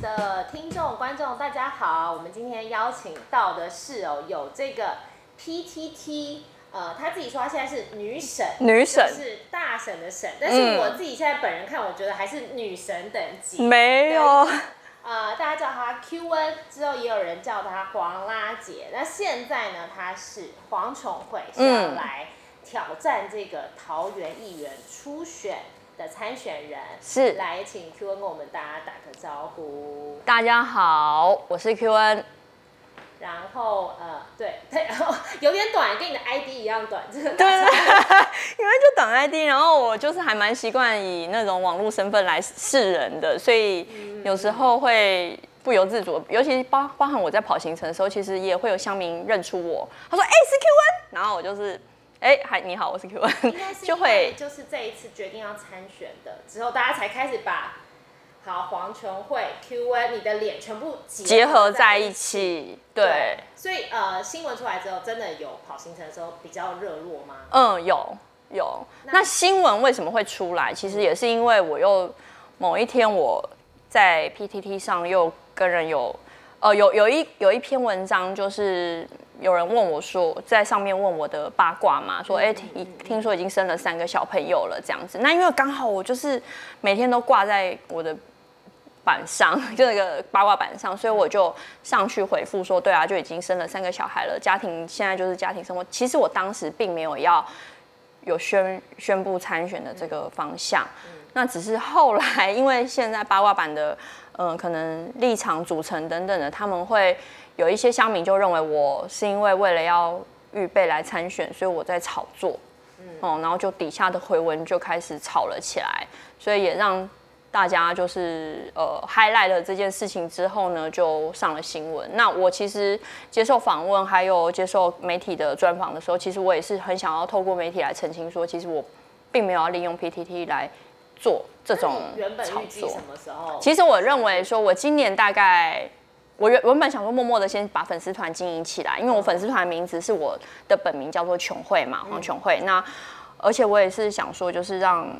的聽眾觀眾大家好、啊，我們今天邀請到的是哦、喔，有這個 P T T，呃，他自己說他現在是女神，女神是大嬸的嬸，但是我自己現在本人看，我覺得還是女神等級，嗯、對沒有。呃，大家叫他 Q N，之後也有人叫他黃拉結，那現在呢，他是黃瓊慧，是、嗯，來挑戰這個桃園議員初選。的參選人是來，請 Q N 跟我們大家打個招呼。大家好，我是 Q N。然後呃，對，然後有點短，跟你的 ID 一樣短。對對對，因為就短 ID，然後我就是還蠻習慣以那種網絡身份來示人的，所以有時候會不由自主。嗯、尤其包包含我在跑行程的時候，其實也會有鄉民認出我，他說：“哎、欸，是 Q N。”然後我就是。哎，嗨、欸，你好，我是 Q N，就會就是這一次決定要參選的之後，大家才開始把好黃瓊慧 Q N 你的臉全部結合在一起，對，對所以呃，新聞出來之後，真的有跑行程的時候比較熱絡嗎？嗯，有有。那，那新聞為什麼會出來？其實也是因為我又某一天我，在 P T T 上又跟人有呃有有一有一篇文章就是。有人問我說，在上面問我的八卦嘛，說哎、欸，聽聽說已經生了三個小朋友了這樣子。那因為剛好我就是每天都掛在我的板上，就、這、那個八卦板上，所以我就上去回復說，對啊，就已經生了三個小孩了。家庭現在就是家庭生活。其實我當時並沒有要有宣宣布參選的這個方向，那只是後來因為現在八卦板的，嗯、呃，可能立場組成等等的，他們會。有一些鄉民就認為我是因為為了要預備來參選，所以我在炒作，嗯，哦，然後就底下的回文就開始吵了起來，所以也讓大家就是呃 highlight 了這件事情之後呢，就上了新聞。那我其實接受訪問，還有接受媒體的專訪的時候，其實我也是很想要透過媒體來澄清說，其實我並沒有要利用 PTT 來做這種炒作。原本預計什麼時候？其實我認為說我今年大概。我原本想說，默默的先把粉絲團經營起來，因為我粉絲團的名字是我的本名，叫做瓊慧嘛，黃瓊慧。嗯、那而且我也是想說，就是讓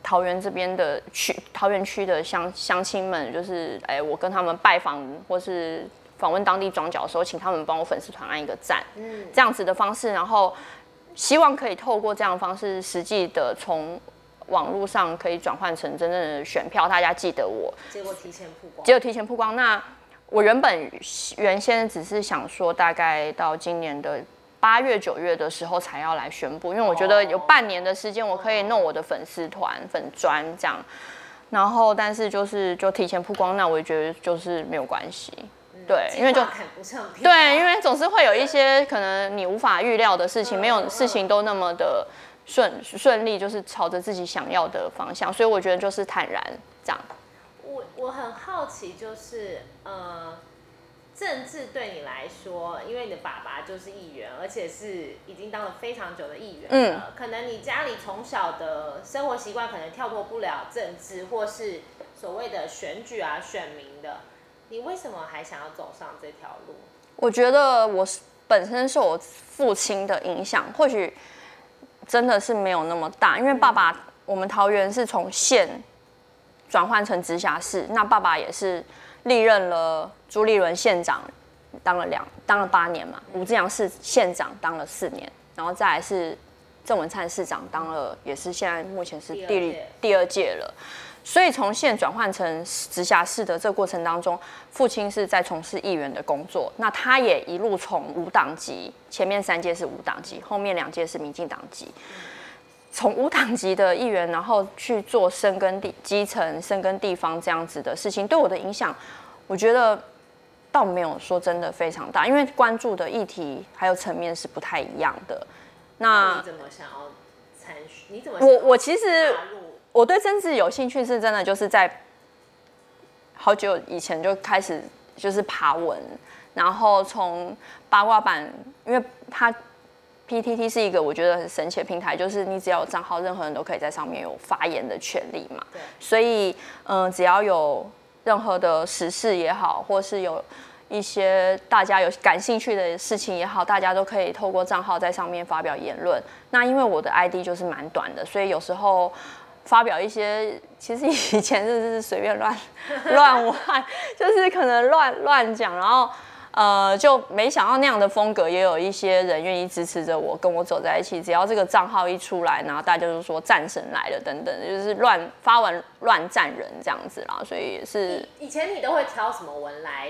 桃園這邊的區、桃園區的鄉鄉親們，就是哎、欸，我跟他們拜訪或是訪問當地莊腳的時候，請他們幫我粉絲團按一個讚，嗯，這樣子的方式，然後希望可以透過這樣的方式，實際的從網絡上可以轉換成真正的選票。大家記得我，結果提前曝光，結果提前曝光，那。我原本原先只是想說，大概到今年的八月九月的時候才要來宣布，因為我覺得有半年的時間，我可以弄我的粉絲團粉專這樣。然後，但是就是就提前曝光，那我也覺得就是沒有關係。對，因為就對，因為總是會有一些可能你無法預料的事情，沒有事情都那麼的順順利，就是朝着自己想要的方向。所以我覺得就是坦然這樣。我很好奇，就是呃，政治對你來說，因為你的爸爸就是議員，而且是已經當了非常久的議員了，嗯，可能你家裡從小的生活習慣，可能跳脫不了政治或是所謂的選舉啊、選民的。你為什麼還想要走上這條路？我覺得我本身受我父親的影響，或許真的是沒有那麼大，因為爸爸、嗯、我們桃園是從縣。轉換成直轄市，那爸爸也是歷任了朱立倫縣長，當了兩當了八年嘛。吳志揚是縣長，當了四年，然後再來是鄭文燦市長，當了也是現在目前是第二第二屆了。所以從縣轉換成直轄市的這過程當中，父親是在從事議員的工作。那他也一路從無黨籍，前面三屆是無黨籍，後面兩屆是民進黨籍。從無黨籍的議員，然後去做深耕地基層、深耕地方這樣子的事情，對我的影響，我覺得倒沒有說真的非常大，因為關注的議題還有層面是不太一樣的。那怎麼想要參？你怎麼？我我其實我對政治有興趣是真的，就是在好久以前就開始就是爬文，然後從八卦版，因為他。P T T 是一個我覺得很神奇的平台，就是你只要有賬號，任何人都可以在上面有發言的權利嘛。對所以，嗯、呃，只要有任何的時事也好，或是有一些大家有感興趣的事情也好，大家都可以透過賬號在上面發表言論。那因為我的 I D 就是蠻短的，所以有時候發表一些，其實以前就是隨便亂亂玩， 就是可能亂亂講，然後。呃，就沒想到那樣的風格，也有一些人願意支持着我，跟我走在一起。只要這個賬號一出來，然後大家就說“戰神來了”等等，就是亂發文、亂戰人這樣子啦。所以也是，以前你都會挑什麼文來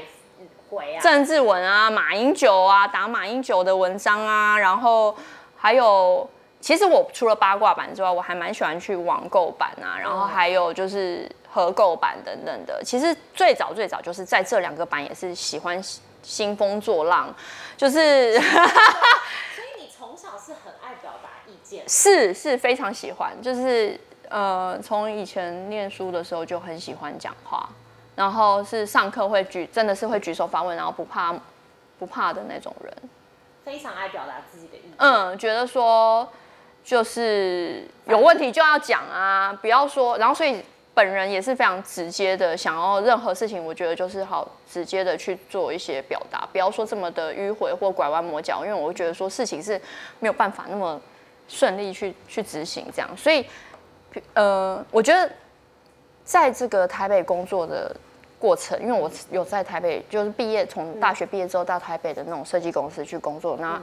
回啊？政治文啊，馬英九啊，打馬英九的文章啊，然後還有，其實我除了八卦版之外，我還蠻喜歡去網購版啊，然後還有就是合購版等等的。其實最早最早就是在這兩個版也是喜歡。興風作浪，就是。所以你從小是很愛表達意見？ 是，是非常喜歡，就是呃，從以前念書的時候，就很喜歡講話，然後是上課會舉，真的是會舉手發問，然後不怕不怕的那種人。非常愛表達自己的意見。嗯，覺得說就是有問題就要講啊，不要說。然後所以。本人也是非常直接的，想要任何事情，我覺得就是好直接的去做一些表達，不要說這麼的迂回或拐彎抹角，因為我覺得說事情是沒有辦法那麼順利去去執行這樣，所以，呃，我覺得在這個台北工作的過程，因為我有在台北，就是畢業從大學畢業之後到台北的那種設計公司去工作，那。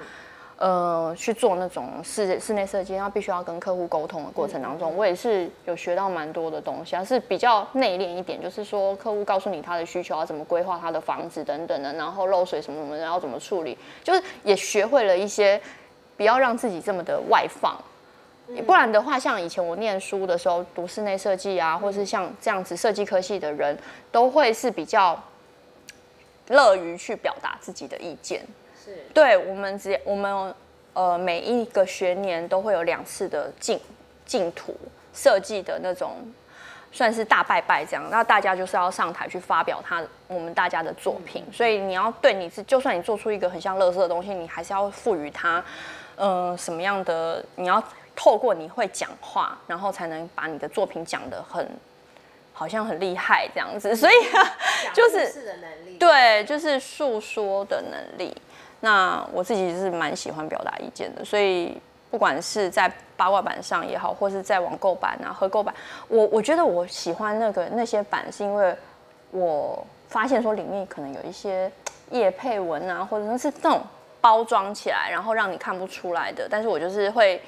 呃，去做那種室室內設計，他必須要跟客戶溝通的過程當中，嗯，我也是有學到蠻多的東西，還是比較內斂一點，就是說客戶告訴你他的需求啊，要怎麼規劃他的房子等等的，然後漏水什麼什麼的要怎麼處理，就是也學會了一些，不要讓自己這麼的外放，不然的話，像以前我念書的時候讀室內設計啊，或是像這樣子設計科系的人，都會是比較樂於去表達自己的意見。對，我們只，我們呃每一個學年都會有兩次的競競圖設計的那種，算是大拜拜這樣。那大家就是要上台去發表他，我們大家的作品，嗯、所以你要對你是，就算你做出一個很像垃圾的東西，你還是要賦予它嗯、呃、什麼樣的？你要透過你會講話，然後才能把你的作品講得很，好像很厲害這樣子。所以講故事的能力就是對，就是訴說的能力。那我自己是蠻喜歡表達意見的，所以不管是在八卦版上也好，或是在網購版啊、合購版，我我覺得我喜歡那個那些版，是因為我發現說裡面可能有一些業配文啊，或者是這種包裝起來，然後讓你看不出來的，但是我就是會。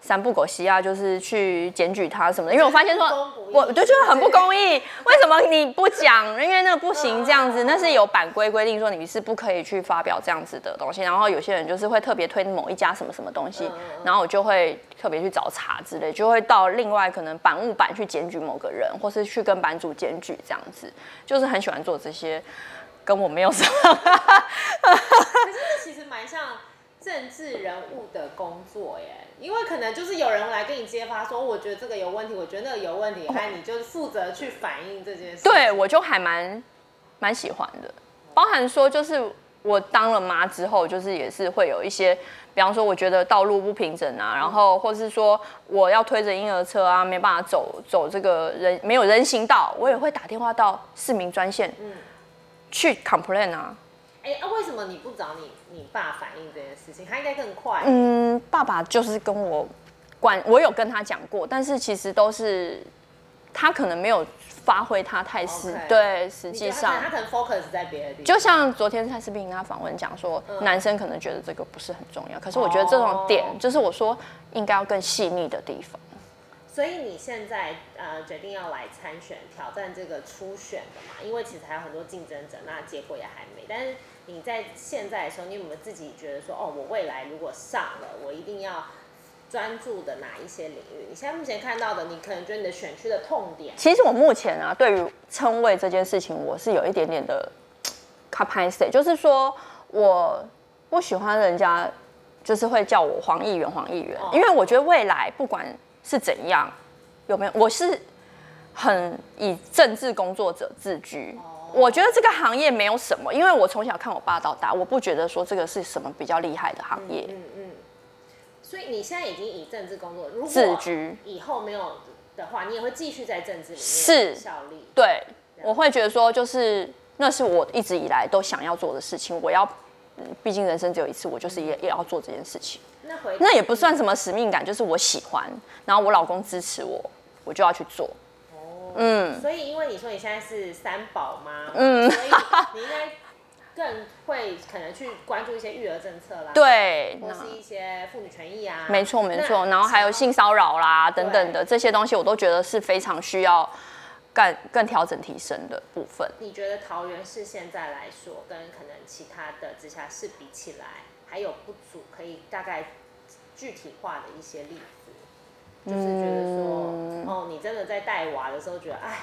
三不狗西亞就是去檢舉他什麼的，因為我發現說，我就覺得很不公義，為什麼你不講？因為那個不行，這樣子，那是有版規規定說你是不可以去發表這樣子的東西。然後有些人就是會特別推某一家什麼什麼東西，然後我就會特別去找茬之類，就會到另外可能版務版去檢舉某個人，或是去跟版主檢舉這樣子，就是很喜歡做這些，跟我沒有什麼。可是這其實蠻像政治人物的工作耶，因為可能就是有人來跟你揭發說，我覺得這個有問題，我覺得那個有問題，哎，哦，你就負責去反映這件事。對，我就還蠻蠻喜歡的，包含說就是我當了媽之後，就是也是會有一些，比方說我覺得道路不平整啊，嗯，然後或者是說我要推着嬰兒車啊，沒辦法走走這個人沒有人行道，我也會打電話到市民專線，去 complain 啊。哎、欸啊，為什麼你不找你你爸反映這件事情？他應該更快。嗯，爸爸就是跟我管，我有跟他講過，但是其實都是他可能沒有發揮他太是。Okay. 對，實際上他可能，能 focus 在別的地方。就像昨天蔡思斌跟他訪問講說，嗯、男生可能覺得這個不是很重要，可是我覺得這種點、Oh. 就是我說應該要更細膩的地方。所以你現在呃決定要來參選，挑戰這個初選的嘛？因為其實還有很多競爭者，那個、結果也還沒。但是你在現在的時候，你有沒有自己覺得說，哦，我未來如果上了，我一定要專注的哪一些領域？你現在目前看到的，你可能覺得你的選區的痛點。其實我目前啊，對於稱謂這件事情，我是有一點點的卡拍謝就是說我不喜歡人家就是會叫我黃議員、黃議員，哦、因為我覺得未來不管。是怎樣？有沒有？我是很以政治工作者自居。我覺得這個行業沒有什麼，因為我從小看我爸到大，我不覺得說這個是什麼比較厲害的行業。嗯嗯。所以你現在已經以政治工作者自居，如果以後沒有的話，你也會繼續在政治裡面效力。是。對，我會覺得說，就是那是我一直以來都想要做的事情。我要。畢竟人生只有一次，我就是也也要做這件事情。那回、嗯、那也不算什麼使命感，就是我喜歡，然後我老公支持我，我就要去做。哦、嗯。所以，因為你說你現在是三寶嗎？嗯， 所以你應該更會可能去關注一些育兒政策啦，對，或者是一些婦女權益啊，嗯、沒錯沒錯。然後還有性騷擾啦等等的對這些東西，我都覺得是非常需要，更更調整提升的部分，你覺得桃園市現在來說，跟可能其他的直轄市比起來，還有不足可以大概具體化的一些例子，就是覺得說，嗯、哦，你真的在帶娃的時候覺得，哎，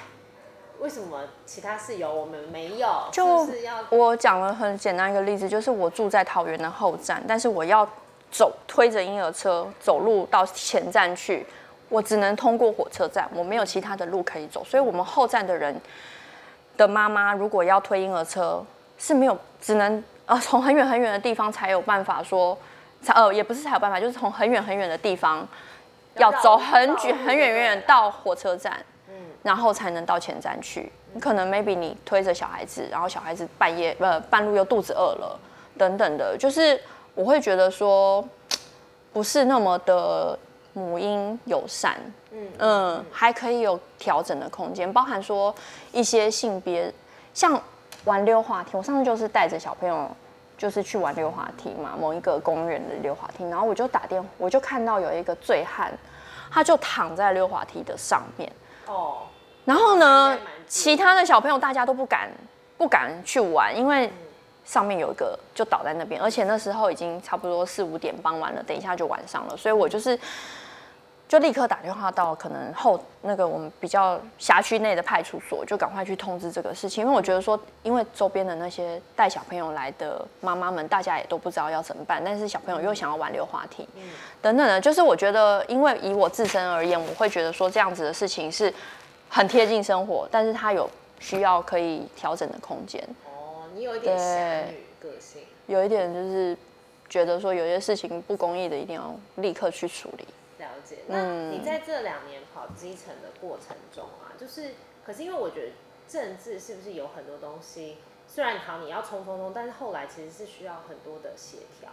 為什麼其他市有我們沒有？就是，是要我講了很簡單一個例子，就是我住在桃園的後站，但是我要走，推着嬰兒車走路到前站去。我只能通過火車站，我沒有其他的路可以走，所以，我們後站的人的媽媽如果要推嬰兒車，是沒有，只能呃從很遠很遠的地方才有辦法說，才呃也不是才有辦法，就是從很遠很遠的地方，要走很遠很遠遠到火車站，嗯，然後才能到前站去。可能 maybe 你推着小孩子，然後小孩子半夜呃半路又肚子餓了，等等的，就是我會覺得說，不是那麼的。母嬰友善，嗯，還可以有調整的空間，包含說一些性別，像玩溜滑梯，我上次就是帶着小朋友，就是去玩溜滑梯嘛，某一個公園的溜滑梯，然後我就打電，我就看到有一個醉漢，他就躺在溜滑梯的上面，哦，然後呢，其他的小朋友大家都不敢，不敢去玩，因為上面有一個就倒在那邊，而且那時候已經差不多四五點傍晚了，等一下就晚上了，所以我就是。就立刻打電話到可能後那個我們比較轄區內的派出所，就趕快去通知這個事情。因為我覺得說，因為周邊的那些帶小朋友來的媽媽們，大家也都不知道要怎麼辦。但是小朋友又想要挽留話題，等等的。就是我覺得，因為以我自身而言，我會覺得說這樣子的事情是很貼近生活，但是它有需要可以調整的空間。哦，你有一點相對個性，有一點就是覺得說有些事情不公義的，一定要立刻去處理。了解，那你在這兩年跑基層的過程中啊，嗯、就是，可是因為我覺得政治是不是有很多東西，雖然好你要衝衝衝，但是後來其實是需要很多的協調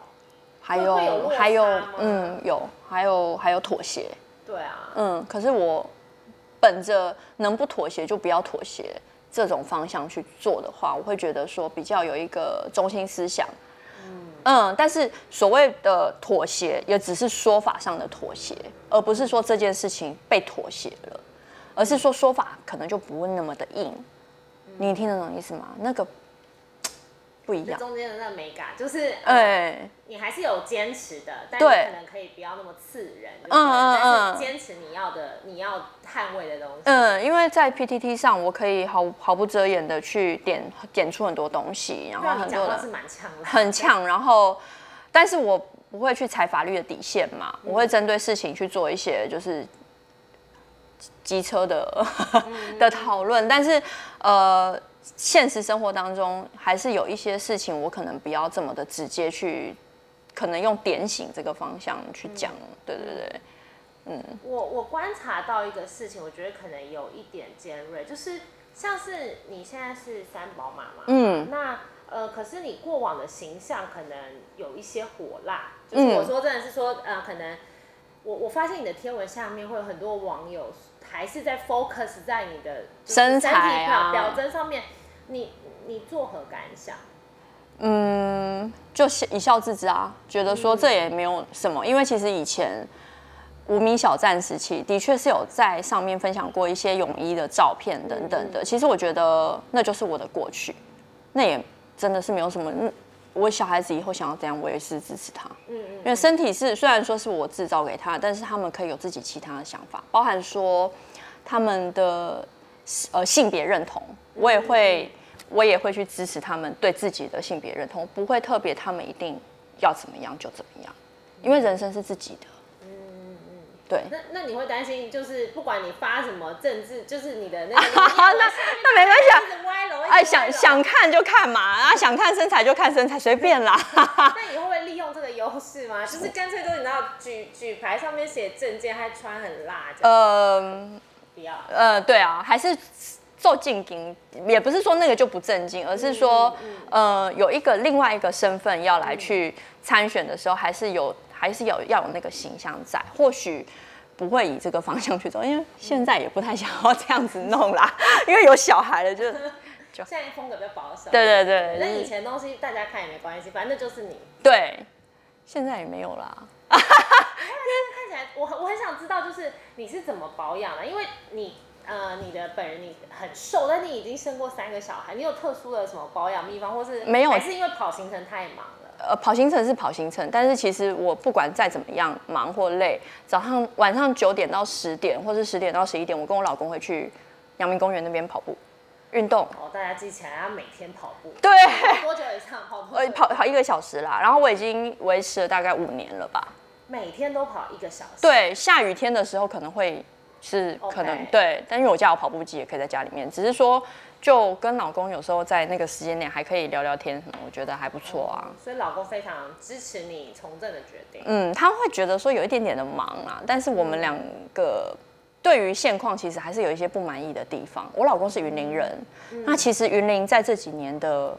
還有，嗯，還有還有嗯有還有還有妥協，對啊，嗯，可是我本着能不妥協就不要妥協這種方向去做的話，我會覺得說比較有一個中心思想。嗯，但是所謂的妥協，也只是說法上的妥協，而不是說這件事情被妥協了，而是說說法可能就不會那麼的硬。你聽得懂意思嗎？那個。不一樣，中間的那美感就是，哎、欸嗯，你還是有堅持的，但是可能可以不要那麼刺人，嗯嗯嗯，堅持你要的，嗯、你要捍衛的東西。嗯，因為在 PTT 上，我可以毫毫不遮掩的去點點出很多東西，然後很多的很嗆，然後，但是我不會去踩法律的底線嘛，嗯、我會針對事情去做一些就是機車的 的討論論，嗯嗯但是，呃。現實生活當中還是有一些事情，我可能不要這麼的直接去，可能用點醒這個方向去講，嗯、對對對，嗯。我我觀察到一個事情，我覺得可能有一點尖銳，就是像是你現在是三寶媽嘛，嗯，那呃可是你過往的形象可能有一些火辣，就是我說真的是說、嗯、呃可能我我發現你的貼文下面會有很多網友還是在 focus 在你的身材表徵上面。你你作何感想？嗯，就一笑置之啊，覺得說這也沒有什麼，嗯嗯，因為其實以前無名小站時期，的確是有在上面分享過一些泳衣的照片等等的。嗯嗯，其實我覺得那就是我的過去，那也真的是沒有什麼。我小孩子以後想要怎樣，我也是支持他。嗯，嗯嗯。因為身體是雖然說是我製造給他，但是他們可以有自己其他的想法，包含說他們的呃性別認同，我也會。嗯嗯我也會去支持他們對自己的性別認同，不會特別他們一定要怎麼樣就怎麼樣，因為人生是自己的。嗯嗯，嗯嗯對。那那你會擔心，就是不管你發什麼政治，就是你的那個……啊、那那，那沒關係。啊。哎，想想看就看嘛，然、啊、後想看身材就看身材，隨便啦。 那你會不會利用這個優勢嗎？就是乾脆都你知道，舉舉牌上面寫政見，還穿很辣這樣，嗯，呃，不要、啊。呃，對啊，還是。做正經也不是說那個就不正經，而是說，呃，有一個另外一個身份要來去參選的時候，還是有，還是有要有那個形象在。或許不會以這個方向去走，因為現在也不太想要這樣子弄啦，因為有小孩了就，就就現在風格比較保守。對，對對對，那、嗯、以前東西大家看也沒關係，反正就是你。對，現在也沒有啦。哈哈，看起來，我我很想知道，就是你是怎麼保養的、啊，因為你。呃，你的本人你很瘦，但你已經生過三個小孩，你有特殊的什麼保養秘方，或是沒有？還是因為跑行程太忙了？呃，跑行程是跑行程，但是其實我不管再怎麼樣忙或累，早上晚上九點到十點，或是十點到十一點，我跟我老公會去陽明公園那邊跑步運動。哦，大家記起來，要每天跑步。對，多久以上？跑呃跑跑一個小時啦。然後我已經維持了大概五年了吧？每天都跑一個小時。對，下雨天的時候可能會。是可能 Okay. 對，但因為我家有跑步機，也可以在家裡面。只是說，就跟老公有時候在那個時間點還可以聊聊天什麼，我覺得還不錯啊。所以，okay. so, 老公非常支持你從政的決定。嗯，他會覺得說有一點點的忙啊，但是我們兩個對於現況其實還是有一些不滿意的地方。我老公是雲林人，嗯，那其實雲林在這幾年的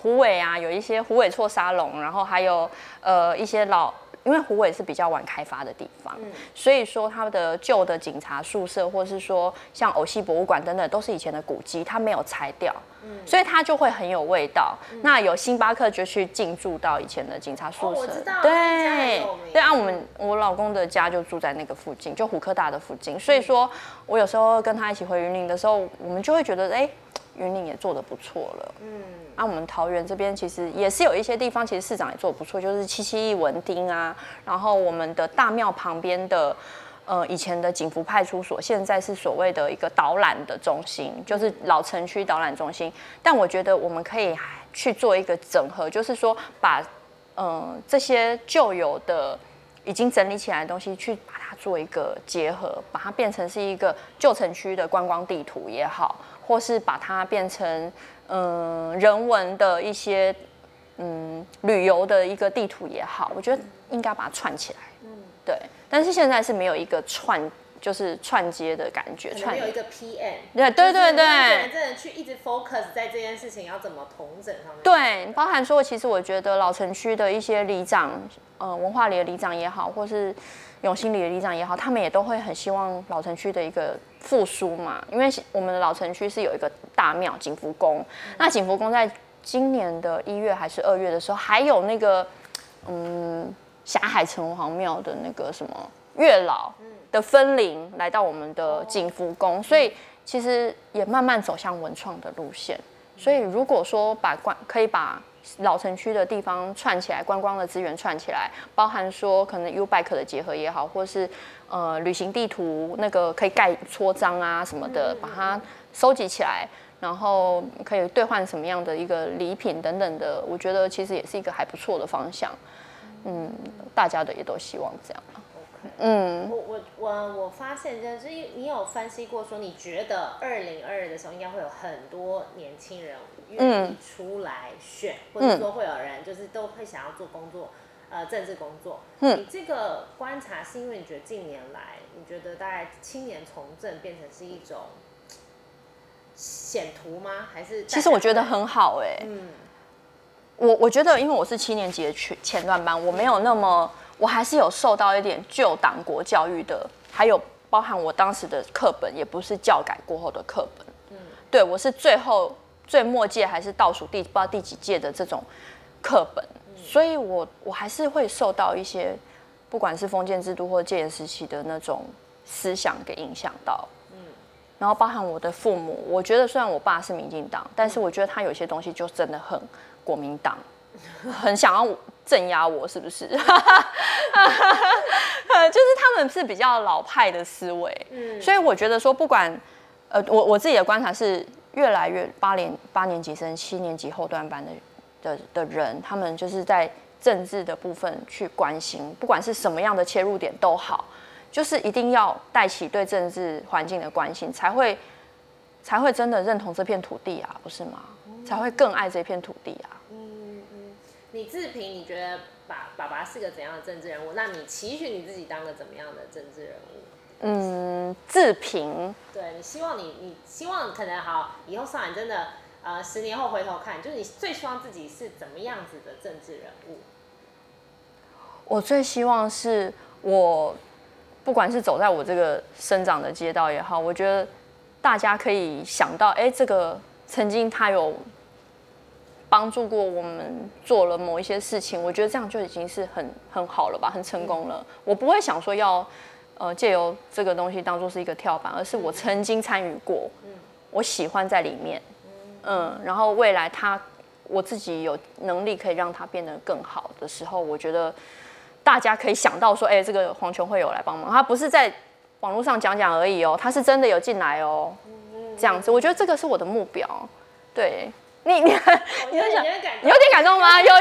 虎尾啊，有一些虎尾厝沙龍，然後還有呃一些老。因為虎尾是比較晚開發的地方，嗯、所以說它的舊的警察宿舍，或是說像偶戲博物館等等，都是以前的古蹟，它沒有拆掉，嗯、所以它就會很有味道。嗯、那有星巴克就去進駐到以前的警察宿舍，哦啊、對，對，對、嗯、啊，我們我老公的家就住在那個附近，就虎科大的附近，所以說、嗯、我有時候跟他一起回雲林的時候，我們就會覺得哎，誒雲林也做的不錯了，嗯、啊，那我們桃園這邊其實也是有一些地方，其實市長也做的不錯，就是七七一文町啊，然後我們的大廟旁邊的，呃，以前的景福派出所，現在是所謂的一個導覽的中心，就是老城區導覽中心。但我覺得我們可以去做一個整合，就是說把，呃，這些舊有的已經整理起來的東西，去把它做一個結合，把它變成是一個舊城區的觀光地圖也好。或是把它變成嗯人文的一些嗯旅遊的一個地圖也好，我覺得應該把它串起來。嗯，對。但是現在是沒有一個串，就是串接的感覺。沒有一個 PM 串接。對對對對。真的去一直 focus 在這件事情要怎麼統整上面。對，包含說，其實我覺得老城區的一些里長，呃，文化里的里長也好，或是。永興里的里長也好，他們也都會很希望老城區的一個復甦嘛，因為我們的老城區是有一個大廟景福宮。嗯、那景福宮在今年的一月還是二月的時候，還有那個嗯霞海城隍廟的那個什麼月老的分靈來到我們的景福宮，嗯、所以其實也慢慢走向文創的路線。所以如果說把可以把老城區的地方串起來，觀光的資源串起來，包含說可能 U-Bike 的結合也好，或是呃旅行地圖那個可以蓋戳章啊什麼的，把它收集起來，然後可以兌換什麼樣的一個禮品等等的，我覺得其實也是一個還不錯的方向。嗯，大家的也都希望這樣。嗯，我我我我發現，就是你有分析過，說你覺得二零二二的時候應該會有很多年輕人願意出來選，嗯嗯、或者說會有人就是都會想要做工作，呃，政治工作。嗯、你這個觀察是因為你覺得近年來，你覺得大概青年從政變成是一種險途嗎？還是其實我覺得很好哎、欸。嗯，我我覺得因為我是七年級的前前段班，我沒有那麼。我還是有受到一點舊黨國教育的，還有包含我當時的課本，也不是教改過後的課本。嗯對，對我是最後最末屆還是倒數第不知道第幾屆的這種課本，所以我我還是會受到一些不管是封建制度或戒嚴時期的那種思想給影響到。嗯，然後包含我的父母，我覺得雖然我爸是民進黨，但是我覺得他有些東西就真的很國民黨，很想要。鎮壓我是不是？ 就是他們是比較老派的思維，嗯。所以我覺得說，不管，呃，我我自己的觀察是，越來越八年八年級生、七年級後段班的的的人，他們就是在政治的部分去關心，不管是什麼樣的切入點都好，就是一定要帶起對政治環境的關心，才會才會真的認同這片土地啊，不是嗎？才會更愛這片土地啊。你自評，你覺得爸爸爸是個怎樣的政治人物？那你期許你自己當個怎麼樣的政治人物？嗯，自評。對，你希望你你希望可能好以後上任真的，呃，十年後回頭看，就是你最希望自己是怎麼樣子的政治人物？我最希望是我，不管是走在我這個生長的街道也好，我覺得大家可以想到，哎，這個曾經他有。幫助過我們做了某一些事情，我覺得這樣就已經是很很好了吧，很成功了。嗯、我不會想說要，呃，借由這個東西當做是一個跳板，而是我曾經參與過，嗯、我喜歡在裡面，嗯，然後未來他我自己有能力可以讓他變得更好的時候，我覺得大家可以想到說，哎、欸，這個黃瓊慧有來幫忙。他不是在網絡上講講而已哦，他是真的有進來哦，這樣子，我覺得這個是我的目標，對。你你很有點你有感，有點感動嗎？有有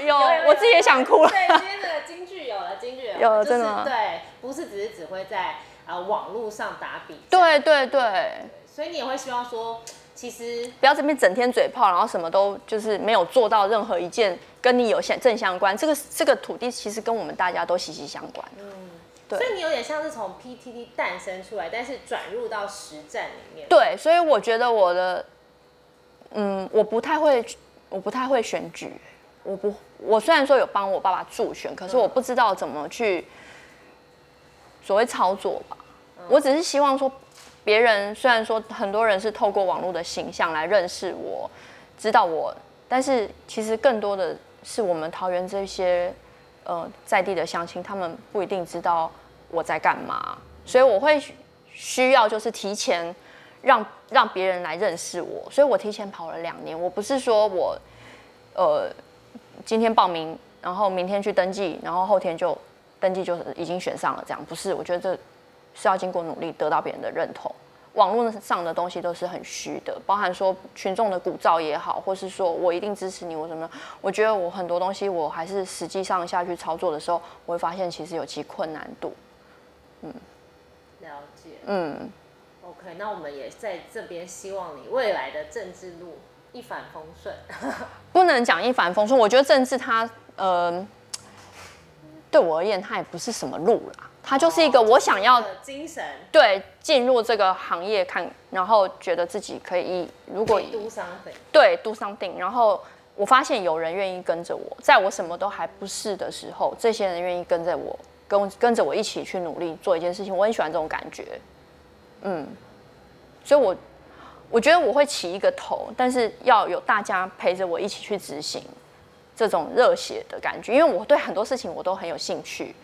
有有，我自己也想哭了對。今天的金句有了，金句有了，有，就是、真的嗎？對，不是只是只會在、呃、網路上打比。對對對，對對對。所以你也會希望說，其實不要這邊整天嘴炮，然後什麼都就是沒有做到任何一件跟你有正相關。這個這個土地其實跟我們大家都息息相關。嗯，對。所以你有點像是從 PTT 誕生出來，但是轉入到實戰裡面。對，所以我覺得我的。嗯，我不太會，我不太會選舉。我不，我雖然說有幫我爸爸助選，可是我不知道怎麼去所謂操作吧。我只是希望說，別人雖然說很多人是透過網絡的形象來認識我、知道我，但是其實更多的是我們桃園這些呃在地的鄉親，他們不一定知道我在幹嘛，所以我會需要就是提前。讓讓別人來認識我，所以我提前跑了兩年。我不是說我，呃，今天報名，然後明天去登記，然後後天就登記，就是已經選上了這樣。不是，我覺得這是要經過努力得到別人的認同。網絡上的東西都是很虛的，包含說群眾的鼓噪也好，或是說我一定支持你，我什麼？我覺得我很多東西，我還是實際上下去操作的時候，我會發現其實有其困難度。嗯，了解。嗯。Okay, 那我們也在這邊希望你未來的政治路一帆風順， 不能講一帆風順。我覺得政治它，嗯、呃，對我而言它也不是什麼路啦，它就是一個我想要、哦就是、的精神。對，進入這個行業看，看然後覺得自己可以，如果對 do something，然後我發現有人願意跟着我，在我什麼都還不是的時候，這些人願意跟着我，跟跟着我一起去努力做一件事情，我很喜歡這種感覺，嗯。所以我，我我覺得我會起一個頭，但是要有大家陪着我一起去執行，這種熱血的感覺。因為我對很多事情我都很有興趣，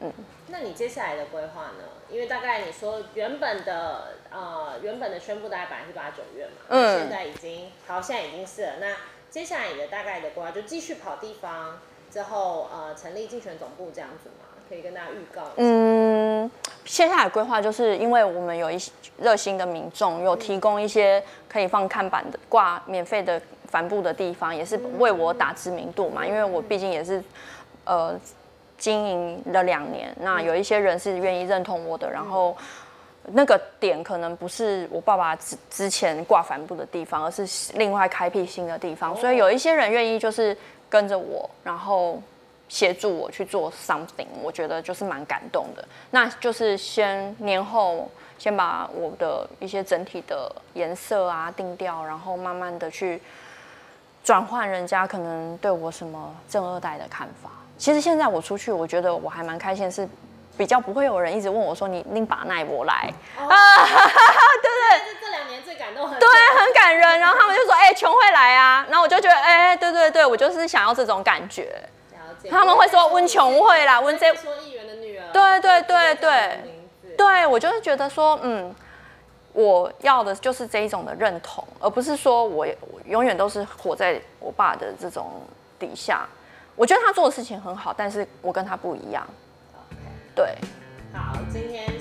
嗯。那你接下來的規劃呢？因為大概你說原本的呃原本的宣布大概分之八九月嘛，嗯。現在已經好，現在已經是了。那接下來你的大概的規劃就繼續跑地方，之後呃成立競選總部這樣子嘛，可以跟大家預告。嗯。線下的規劃就是因為我們有一些熱心的民眾有提供一些可以放看板的掛免費的帆布的地方，也是為我打知名度嘛，因為我畢竟也是，呃，經營了兩年，那有一些人是願意認同我的，然後那個點可能不是我爸爸之之前掛帆布的地方，而是另外開闢新的地方，所以有一些人願意就是跟着我，然後。協助我去做 something，我覺得就是蠻感動的。那就是先年後先把我的一些整體的顏色啊定調，然後慢慢的去轉換人家可能對我什麼政二代的看法。其實現在我出去，我覺得我還蠻開心，是比較不會有人一直問我說你拎把奈我來、哦、啊，嗯、 對對，是這兩年最感動很對很感人， 然後他們就說哎瓊、欸、會來啊，然後我就覺得哎、欸、對對對，我就是想要這種感覺。他們會說黃瓊慧啦，黃這說議員的女兒，對，對對對對，對，我就是覺得說，嗯，我要的就是這一種的認同，而不是說我，我永遠都是活在我爸的這種底下。我覺得他做的事情很好，但是我跟他不一樣，對。好，今天。